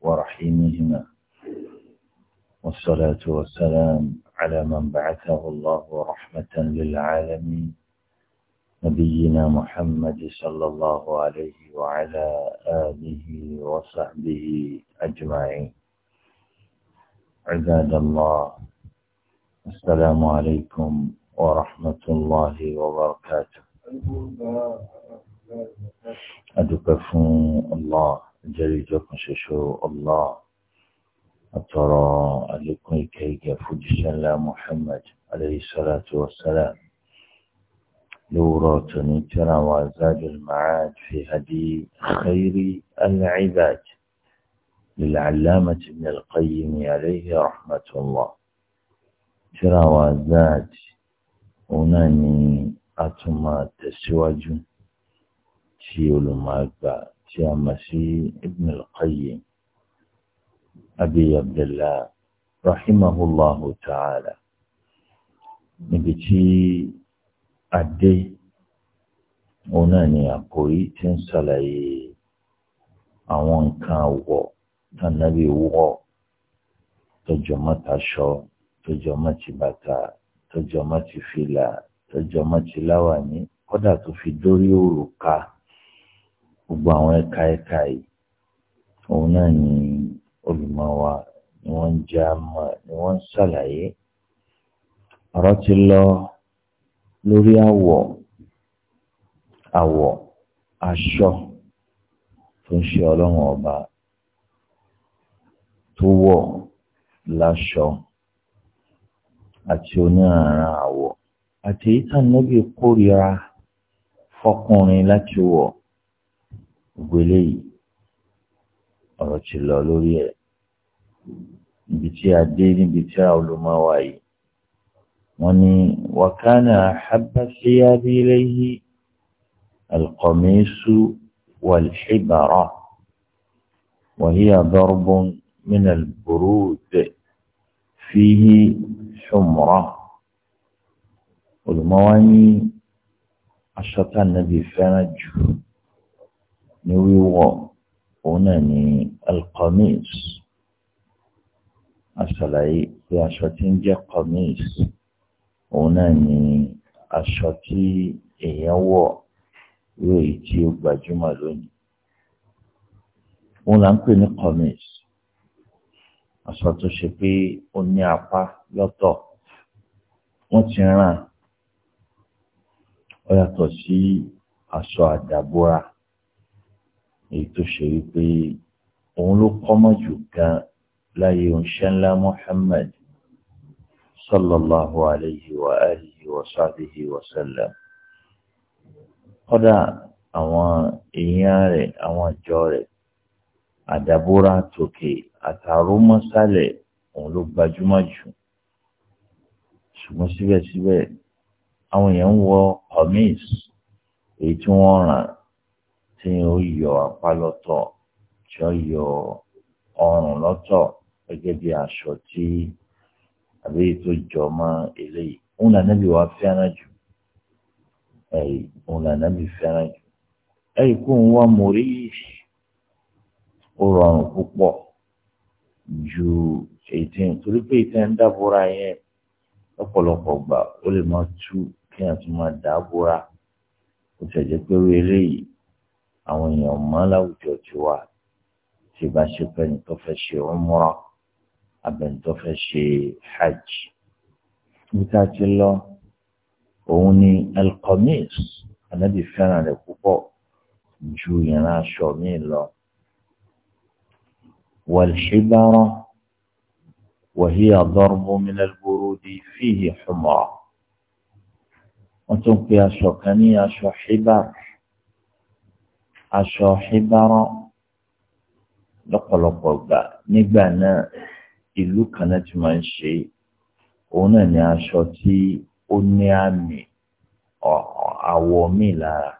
ورحيمهما والصلاة والسلام على من بعثه الله رحمة للعالمين نبينا محمد صلى الله عليه وعلى آله وصحبه أجمعين عباد الله السلام عليكم ورحمة الله وبركاته أدوك الله jẹ́rìí ìjọkan ṣoṣo Allah àtọ̀rọ̀ àlékún ìkẹ́ ìgẹ̀ fújíṣẹ́ ńlá Muhammad alayhi salatu wa salam lóòrọ̀ tóní tíra wa Zadul Ma'ad fi hadi khayri al-ibad lil'allamati ibn al-Qayyim alayhi rahmatullah tíra wa Zad òun náà ni a tún máa tẹ̀síwájú tí olùmọ̀ àgbà tí a mọ̀ sí Ibn al-Qayyim Abi Abdullah rahimahullahu ta'ala níbi tí adé òun náà ni àkòrí tí ń ṣàlàyé àwọn nǹkan àwọ̀ tànàbí wọ̀ tọjọ́ mọ́ta ṣọ tọjọ́ mọ́tì bàtà tọjọ́ mọ́tì fìlà tọjọ́ mọ́tì láwàní kódà tó fi dórí òrùka gbogbo àwọn ẹ̀ka ẹ̀ka yìí òun náà ni olùmọ̀ wa ni wọ́n ń já mọ̀ ni wọ́n ń ṣàlàyé ọ̀rọ̀ ti lọ lórí àwọ̀ àwọ̀ aṣọ tó ń ṣe ọlọ́run ọba tó wọ̀ láṣọ àti oníranran àwọ̀ àti ìtàn níbi kórìíra fọkùnrin láti wọ̀. gbélé eléyìí ọ̀rọ̀ ti lọ lórí ẹ̀ níbi tí a dé níbi tí a olùmọ̀ wà yìí wọ́n ní wàkánà sí àhábàṣíyábí léyìí alqamisu wàlhíbàrà وهي ضرب من البرود فيه حمرة olùmọ̀ wá ní aṣọ́tà nàbì fẹ́ràn jù ní wíwọ̀ òun náà ní alqamis aṣàlàyé pé aṣọ tí ń jẹ́ qamis òun náà ní aṣọ tí èèyàn wọ̀ irú èyí tí ó gbajúmọ̀ lónìí òun là ń pè ní qamis aṣọ tó ṣe pé ó ní apá lọ́tọ̀ wọ́n ti rán ó yàtọ̀ sí aṣọ àdàbòra èyí tó ṣe wípé òun ló kọ́mọ̀ jù gan láyé oníṣẹ́ ńlá Muhammad sallallahu alayhi wa alihi wa sahbihi wa sallam kódà àwọn èèyàn rẹ̀ àwọn ìjọ rẹ̀ àdàbúrà tòkè àtàrómọ́sálẹ̀ òun ló gbajúmọ̀ jù ṣùgbọ́n síbẹ̀síbẹ̀ àwọn èèyàn ń wọ kọ́míìsì èyí tí wọ́n ràn tí ó yọ apá lọ́tọ̀ tí ó yọ ọrùn lọ́tọ̀ gẹ́gẹ́ bí aṣọ tí àbí tó jọ mọ́ eléyìí òun là nábì wá fẹ́ràn jù ẹ̀yì òun là nábì fẹ́ràn jù ẹ̀yì kó ń wá mórí ó rọrùn púpọ̀ ju èyí tí ń torí pé ìtẹ́ ń dábòra yẹn lọ́pọ̀lọpọ̀ gbà ó lè máa tú kí èèyàn tún máa dábòra ó tẹ̀jẹ́ pé eré àwọn èèyàn mọ́ láwùjọ ti wà tí bá ṣe pé ẹni tó fẹ́ ṣe umra abẹ́ni tó fẹ́ ṣe hajj. níta ti lọ òun ni alqamis anábì fẹ́ràn rẹ̀ púpọ̀ ju ìran aṣọ mi lọ. والحبارة وهي ضرب من البرود فيه حمرة وتنقي شوكانية شوحبار aṣọ ṣíbárọ̀ lọ́pọ̀lọpọ̀ gbà nígbà náà ìlú kan náà ti máa ń ṣe òun náà ni aṣọ tí ó ní àmì àwọ̀ míì lára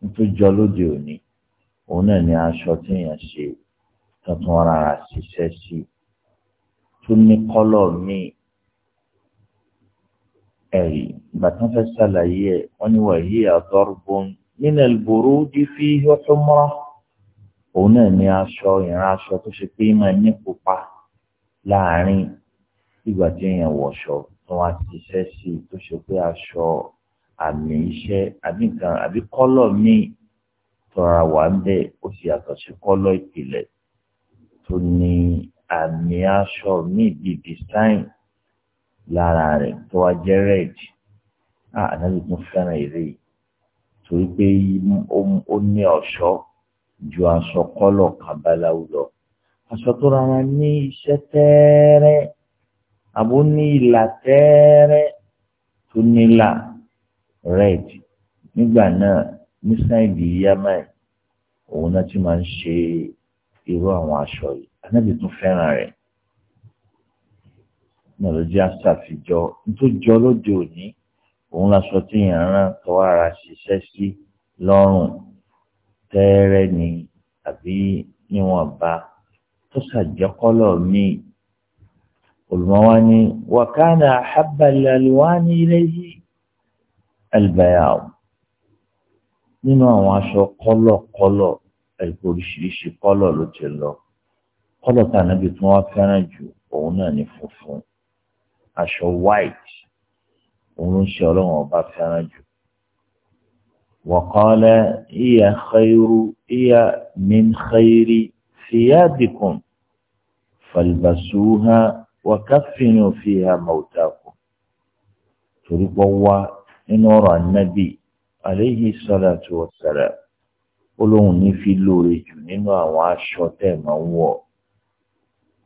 nítorí jọ lóde òní òun náà ni aṣọ tí èèyàn ṣe tuntun rárá ṣiṣẹ́ sí tó ní kọ́lọ̀ míì ẹ̀rí ìgbà tí wọ́n fẹ́ ṣàlàyé ẹ̀ wọ́n ní wàyí àtọ́rùbọ́n nínú ìbòròdì fi ọtúnmọ́rọ́ òun náà ni aṣọ ìran aṣọ tó ṣe pé máa ní pupa láàrin ìgbà tí èèyàn wọ̀ṣọ tó wá ti ṣẹ́ sí i tó ṣe pé aṣọ àmì iṣẹ́ àbí nǹkan àbí kọ́lọ̀ míì tọ́ra wà ń bẹ̀ ó sì yàtọ̀ sí kọ́lọ̀ ìpìlẹ̀ tó ní àmì aṣọ míì bíi design lára rẹ̀ tó wá jẹ́ red. Ah, ànábi fẹ́ràn eré yìí torí pé ó ní ọ̀ṣọ́ ju aṣọ kọ́lọ̀ kábàláwù lọ aṣọ tó rárá ní iṣẹ́ tẹ́ẹ́rẹ́ àbó ní ìlà tẹ́ẹ́rẹ́ tó nílà red nígbà náà ní sáìdì yamai òun náà ti máa ń ṣe irú àwọn aṣọ yìí anábì tún fẹ́ràn rẹ̀ náà ló jẹ́ aṣàfijọ́ tó lóde òní òun lásọ tí yàn rán tọwọ́ ara ṣiṣẹ́ sí lọ́rùn tẹ́ẹ́rẹ́ ni àbí níwọ̀nba tó ṣàjọkọ́lọ̀ míì olùmọ́wá ní wàkánà àhábàlì àlùwání iléyìí albayao nínú àwọn aṣọ kọ́lọ̀kọ́lọ̀ ẹ̀kọ́ oríṣiríṣi kọ́lọ̀ ló ti lọ kọ́lọ̀ tànàbí tí wọ́n fẹ́ràn jù òun náà ní funfun aṣọ white òun ń ṣe ọlọ́run ọba fẹ́ràn jù. وقال هي خير هي من خير ثيابكم فالبسوها وكفنوا فيها موتاكم torí pọ́ wá nínú ọ̀rọ̀ ànábì alayhi salatu wassalam ó lóun ní fi lóore jù nínú àwọn aṣọ tẹ̀ máa ń wọ̀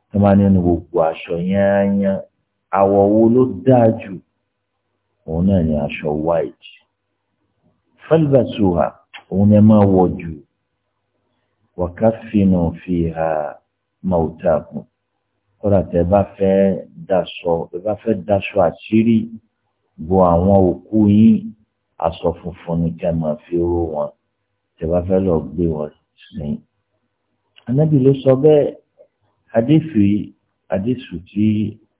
tó máa nínú gbogbo aṣọ yányán àwọ̀ wo ló dáa jù òun náà ni aṣọ white falbasuha òun ni ẹ máa wọ̀ jù wakaffinu fiha mautakum kódà tẹ bá fẹ́ daṣọ tẹ bá fẹ́ daṣọ àṣírí bo àwọn òkú yín aṣọ funfun ni ká máa fi ró wọn tẹ bá fẹ́ lọ gbé wọn sìn. anábì ló sọ bẹ́ẹ̀ adéfì adéṣù tí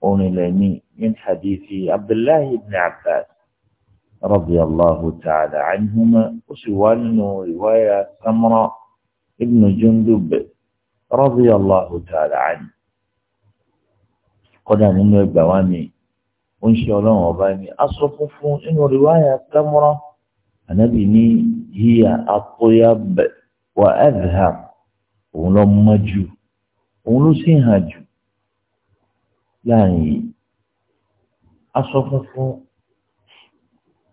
أونلاني من حديث عبد الله بن عباس رضي الله تعالى عنهما وسوالنا رواية سمرة ابن جندب رضي الله تعالى عنه قد أنه بواني وإن شاء الله وباني أصرف إن رواية سمرة نبني هي أطيب وأذهب ولمجو ولسهجو láàrin yìí aṣọ funfun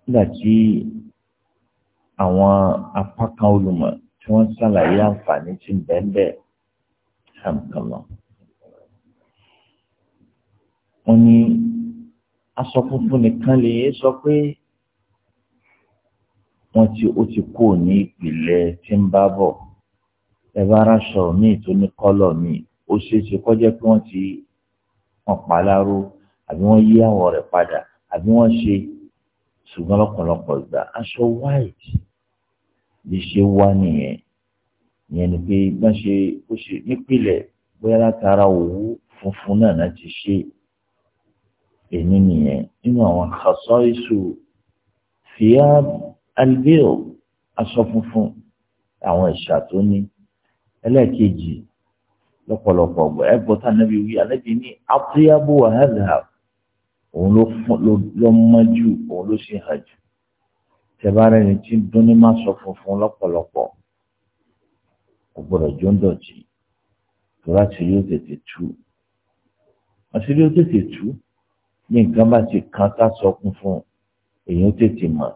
nígbà tí àwọn apá kan tí wọ́n ṣàlàyé àǹfààní tí ń bẹ́ẹ̀ bẹ́ẹ̀ ṣàǹkànlọ́ wọ́n aṣọ funfun nìkan lè sọ pé wọ́n ti ó ti kú ní ìpìlẹ̀ tí ń bá bọ̀ ẹ bá aráṣọ míì tó ní kọ́lọ̀ míì ó ṣeé ṣe kọjá pé wọ́n ti wọ́n pa láró àbí wọ́n yí àwọ̀ rẹ̀ padà àbí wọ́n ṣe ṣùgbọ́n lọ́pọ̀lọpọ̀ ìgbà aṣọ white lè ṣe wá nìyẹn ìyẹn ni pé bá ṣe ó ṣe nípìnlẹ̀ bóyá látara òwú funfun náà náà ti ṣe èmi nìyẹn nínú àwọn àṣọ iṣu fìyà albeo aṣọ funfun àwọn ìṣà tó lọ́pọ̀lọpọ̀ ọgbọ ẹgbọ tá nàbí wí alẹbi ní àtúnyàbò wàhálà òun ló fún ló mọ jù òun ló ṣe hàn jù tẹbárẹ ni tí ń dún ní má sọ funfun lọ́pọ̀lọpọ̀ kò gbọ́dọ̀ jó ń dọ̀tí tóra tí yóò tètè tú àti yóò tètè tú ní nǹkan bá ti kan ká sọ kún fún èèyàn tètè mọ̀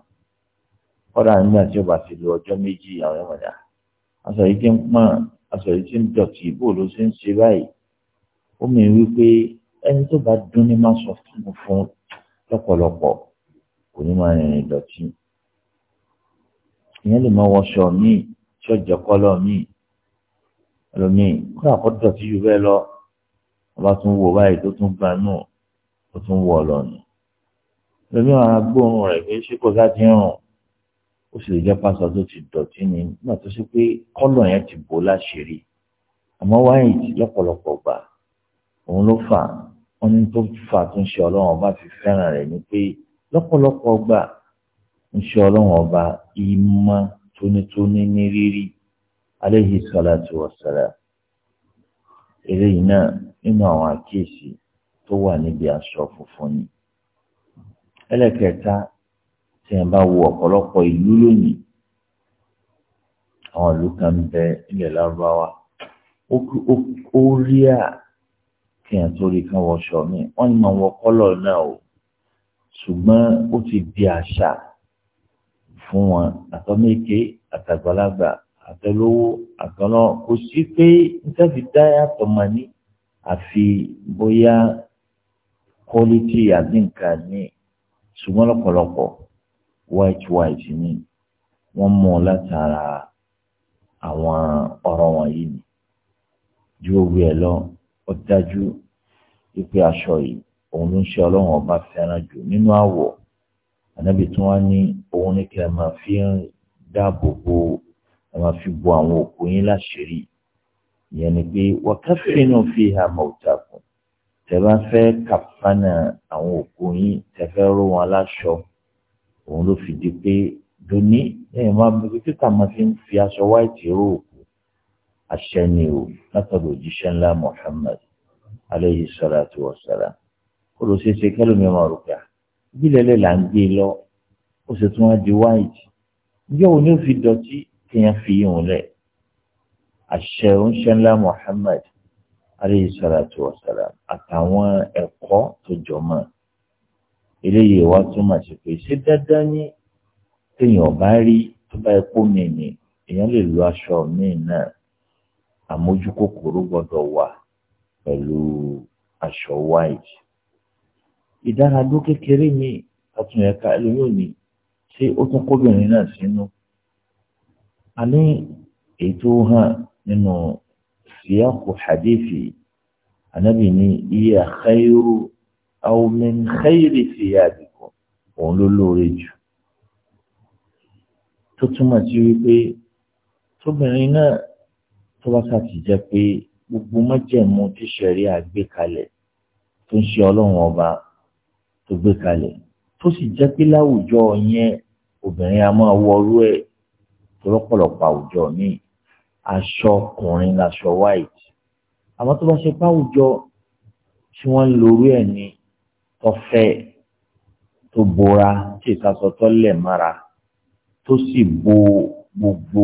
kódà nígbà tí ó bá ti lo ọjọ́ méjì àwọn ẹ̀wọ̀n dà aṣọ yìí ti ń pọ́n aṣọ yìí ti ń dọ̀tí bó ló ṣe ń ṣe báyìí ó mi wípé ẹni tó bá dún ní máa sọ fún un fún lọ́pọ̀lọpọ̀ kò ní máa rìnrìn dọ̀tí ìyẹn lè máa wọṣọ míì tí kọ́lọ̀ míì ẹlòmíì kó àkọ́ dọ̀tí ju bẹ́ẹ̀ lọ ọba tún wò báyìí tó tún gba nù ó tún wọ̀ lọ́nà ẹlòmíì wọn á gbóòórùn rẹ̀ pé ṣé kò sá ti ń rùn ó sì lè jẹ́ pásọ tó ti dọ̀tí ni náà tó ṣe pé kọ́lọ̀ yẹn ti bò láṣìírí àmọ́ wáyìtì lọ́pọ̀lọpọ̀ gbà òun ló fà wọ́n ní tó fà tó ń ṣe ọlọ́run ọba fi fẹ́ràn rẹ̀ ni pé lọ́pọ̀lọpọ̀ gbà ń ṣe ọlọ́run ọba ìmọ̀ tónítóní ní rírí aléhi sọláàtì wọ̀sálà eléyìí náà nínú àwọn àkíyèsí tó wà níbi aṣọ funfun ni ẹlẹ́kẹ̀ẹ́ta tí wọn bá wo ọ̀pọ̀lọpọ̀ ìlú lónìí àwọn ìlú kan bẹ ilẹ̀ lárúbáwá ó rí à kí wọn tó rí kán wọṣọ mi wọn ni màá wọ kọ́lọ̀ náà o ṣùgbọ́n ó ti di àṣà fún wọn àtọ́mẹ́kẹ àtàgbàlagbà àtẹlówó àtọ́nà kò sí pé níta fi dá yàtọ̀ máa ní àfi bóyá quality àbí nǹkan ní ṣùgbọ́n lọ́pọ̀lọpọ̀ white white ni wọ́n mú látara àwọn ọ̀rọ̀ wọ̀nyí ni ju owó ẹ̀ lọ ó dájú wípé aṣọ yìí òun ló ń ṣe ọlọ́run ọba fẹ́ràn jù nínú àwọ̀ ànábì tí wọ́n ní òun ní kí ẹ máa fi ń dáàbò bo ẹ máa fi bo àwọn òkú yín láṣìírí ìyẹn ni pé wákàfínú fi hà mọ̀ọ́tàkùn tẹ bá fẹ́ kàfánà àwọn òkú yín tẹ fẹ́ ró wọn láṣọ òun ló fìdí pé doni lẹ́yìn máa bí títà máa fi ń fi aṣọ wáìtì ró òkú àṣẹ ni o látọ̀dọ̀ òjíṣẹ́ ńlá Muhammad alayhi salatu wa salam ó lọ ṣeéṣe kẹlòmí ọmọ rúkà ah, bílẹ̀lẹ̀ là ń gbé lọ ó sì tún wá di wáìtì ǹjẹ́ òun yóò fi dọ̀tí kéèyàn fi ìhùn lẹ̀ àṣẹ òǹṣẹ́ ńlá Muhammad alayhi salatu wa salam àtàwọn ẹ̀kọ́ tó jọ mọ́ ọ eléyìí wá túmọ̀ sí pé ṣé dandan ní téèyàn bá rí tó bá epo mi ni èèyàn lè lo aṣọ míì náà àmójúkòkòrò gbọ́dọ̀ wà pẹ̀lú aṣọ white ìdáradó kékeré mi àtúnyẹ̀ká ẹlòmíràn ni ṣé ó tún kóbìnrin náà sínú a èyí tó hàn nínú síyàkù hadithi anabi iye khairu aw min khayri thiyābikum òun ló lóore jù tó túmọ̀ sí wípé tóbìnrin náà tó bá sàtì jẹ́ pé gbogbo májẹ̀mú tí sẹ̀rí àgbé kalẹ̀ tó ń ṣe ọlọ́run ọba tó gbé kalẹ̀ tó sì jẹ́ pé láwùjọ yẹn obìnrin a máa wọrú ẹ̀ lọ́pọ̀lọpọ̀ àwùjọ míì aṣọ ọkùnrin láṣọ white àmọ́ tó bá ṣe pé àwùjọ tí wọ́n ń lorú ẹ̀ ni tọ́fẹ́ tó bora tí ìkasọ tó lẹ̀ tó sì bo gbogbo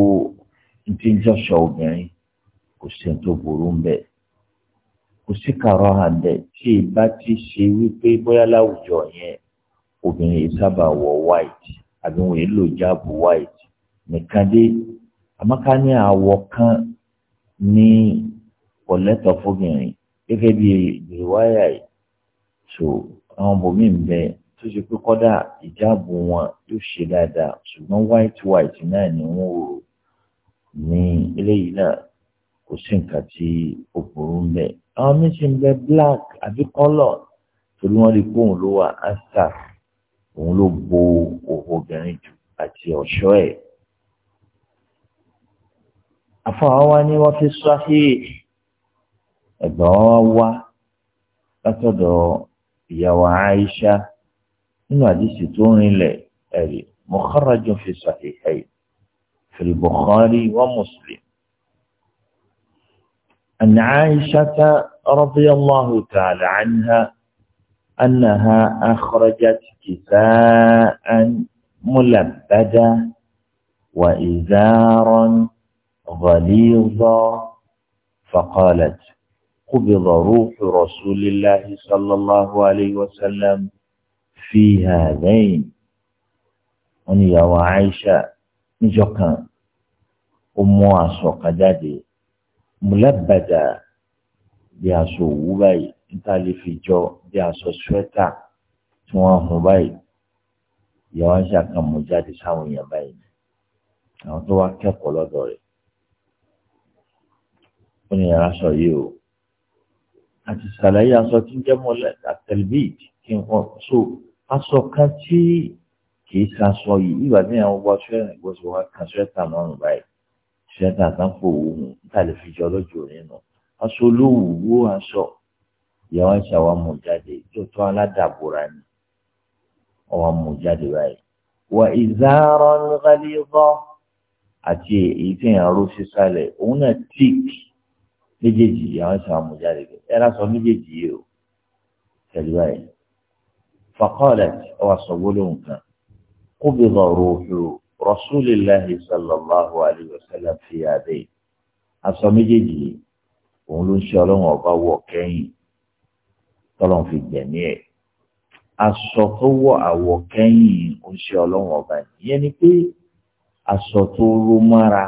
ti ń obìnrin kò sí tó burú ń bẹ̀. kò sí kàrọ̀ tí ìbá ti ṣe wípé bóyá láwùjọ yẹn obìnrin yìí wọ white àbí wọn èlò jáàbù white nìkan dé àmọ́ká ní àwọ̀ kan ní kọ̀lẹ́tọ̀ fóbìnrin gẹ́gẹ́ bí àwọn bòmíì ń bẹ tó ṣe pé kọ́dà ìjáàbù wọn yóò ṣe dáadáa ṣùgbọ́n white white náà ni wọ́n rò ní eléyìí náà kò sí nǹkan tí ó burú ń bẹ. àwọn méjì ń bẹ black àbí kọ́lọ̀ torí wọ́n rí pé òun ló wà áṣà òun ló bo òwò obìnrin jù àti ọ̀ṣọ́ ẹ̀. àfọwọ́ wa ni wọ́n fi sọ́hí ẹ̀gbọ́n wa wá látọ̀dọ̀. ìyàwó Aisha nínú àdìsí tó rinlẹ̀ ẹ̀rí mukharrajun fi sahihayn fi al-Bukhari wa Muslim. أن عائشة رضي الله تعالى عنها أنها أخرجت كساء ملبدة وإزارا غليظا فقالت قبض روح رسول الله صلى الله عليه وسلم في هذين wọ́n ní ìyàwó Aisha níjọ́ kan ó mú aṣọ kan jáde mùlẹ́bàdà bí aṣọ òwú báyìí níta lè fi jọ bí aṣọ swẹ́tà tí wọ́n hun báyìí ìyàwó Aisha kan mú jáde sáwọn èèyàn báyìí àwọn tó wá kẹ́kọ̀ọ́ lọ́dọ̀ rẹ̀ ó ní ìyàrá sọ yìí o àti sàlàyé aṣọ tí ń jẹ́ mọ́lẹ̀ àtẹlbíìd kí n wọ́n so aṣọ kan tí kì í ṣaṣọ yìí ìgbà tí àwọn ọba aṣọ ẹ̀rìn gbọ́sọ̀ wá kan ṣẹ́ta lọ́rùn báyìí ṣẹ́ta àtàkùn òun níta lè fi jọ lọ́jọ́ nínú aṣọ olówùú wó aṣọ ìyàwó ẹ̀ṣẹ̀ wa mú jáde tó tọ́ aládàbòrà ni ọwọ́ mú jáde báyìí wà ìzárọ̀ ńlẹ́gbẹ́lẹ́gbọ́ àti èyí tí èèyàn ró sísàlẹ̀ òun náà tíìkì méjèèjì àwọn ìṣòro àmújáde kẹ ẹ lásán méjèèjì yìí o pẹ̀lú ẹ faqalat ọwọ sọgbọlọ nǹkan qubida ruhu rasulillahi sallallahu alayhi wa sallam fi adé aṣọ méjèèjì yìí òun ló ń ṣe ọlọ́run ọba wọ̀ kẹ́yìn tọ́lọ́n fi gbẹ̀mí ẹ̀ aṣọ tó wọ̀ àwọ̀ kẹ́yìn ó ń ṣe ọlọ́run ọba yìí yẹn ni pé aṣọ tó ró mára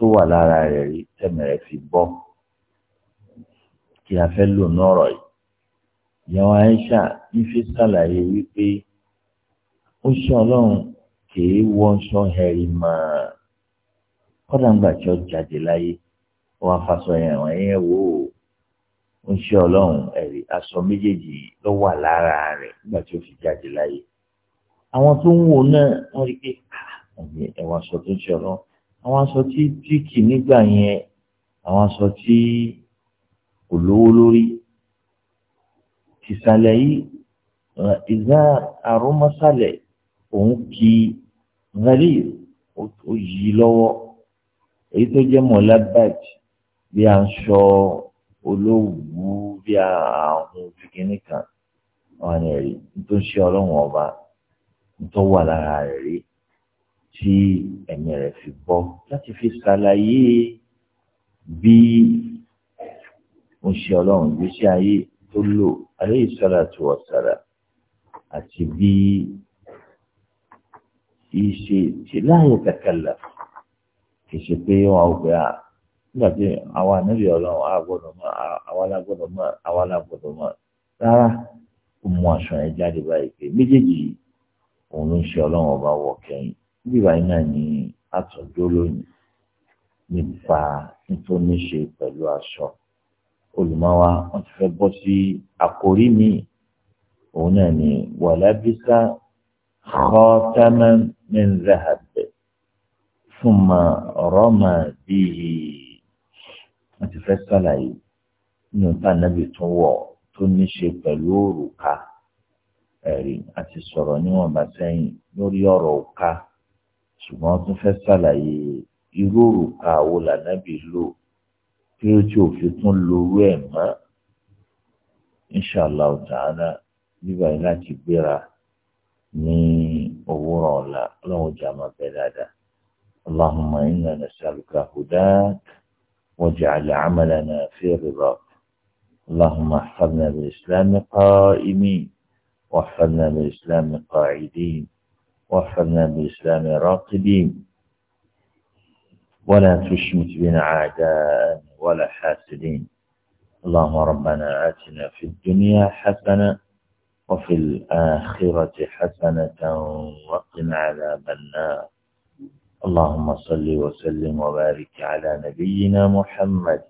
tó wà lára rẹ̀ rí tẹ̀mẹ̀ rẹ̀ fi bọ́ kí a fẹ́ lò nọ́rọ̀ yìí ìyàwó Aisha ife ṣàlàyé wípé ó ṣe ọlọ́run kìí wọṣọ hẹ̀rì mọ́ kọ́dà ńgbà tí ó jáde láyé wọ́n afaṣọ ẹ̀wọ̀n yẹn wò ó ó ṣe ọlọ́run ẹ̀rí aṣọ méjèèjì ló wà lára rẹ̀ nígbà tí ó fi jáde láyé àwọn tó ń wò náà wọ́n rí pé ah, ẹ̀wọ̀n aṣọ tó ń ṣe ọlọ́run àwọn aṣọ tí tíìkì nígbà yẹn àwọn aṣọ tí kò lówó lórí tìsàlẹ̀ yìí ìzá àrùnmọ́sàlẹ̀ òun kì í rẹ́lì ó yí lọ́wọ́ èyí tó jẹ́ mọ̀lá bàjẹ́ bí a ń sọ olówù bí a àwọn fìkínní kan wọn ni rí nítorí ṣe ọlọ́run ọba nítorí wà lára rẹ̀ rí tí ẹ̀mí rẹ̀ fi bọ́ láti fi ṣàlàyé bí oṣù ọlọ́run gbèsè ayé tó lò alayhi salatu wa salam àti bí ìṣe tí láàyè takalla kì í ṣe pé wọn ò gbé a nígbà tí àwa níbi ọlọ́run àgbọ̀dọ̀ mọ́ àwa lágbọ̀dọ̀ mọ́ àwa lágbọ̀dọ̀ mọ́ rárá ó mú aṣọ yẹn jáde báyìí pé méjèèjì òun ló ń ṣe ọlọ́run ọba wọ̀ kẹ́yìn bíbá iná ni àtúndó lónìí nípa nítorí ṣe pẹ̀lú aṣọ olùmọ́wá wọ́n ti fẹ́ bọ́ sí àkórí mi òun náà ni wàlábísà khataman min zahab thumma rama bihi wọ́n ti fẹ́ sàlàyé nínú tànàbì tó wọ̀ tó ní pẹ̀lú òrùka ẹ̀rí àti sọ̀rọ̀ níwọ̀nba sẹ́yìn lórí ọ̀rọ̀ òka ṣùgbọ́n tún fẹ́ ṣàlàyé irú òrùka wo lànàbì lò kí ó tí ò fi tún lorú ẹ̀ mọ́ inṣàlá ọ̀tàánà bíbá yìí láti gbéra ní òwúrọ̀ ọ̀la ọlọ́run jà máa bẹ dáadáa. اللهم إنا نسألك هداك واجعل عملنا في رضاك اللهم احفظنا بالإسلام قائمين واحفظنا بالإسلام قاعدين وفرنا بالإسلام راقبين ولا تشمت بنا عداء ولا حاسدين اللهم ربنا آتنا في الدنيا حسنة وفي الآخرة حسنة وقنا عذاب النار اللهم صل وسلم وبارك على نبينا محمد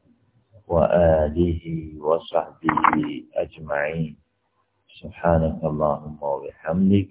وآله وصحبه أجمعين سبحانك اللهم وبحمدك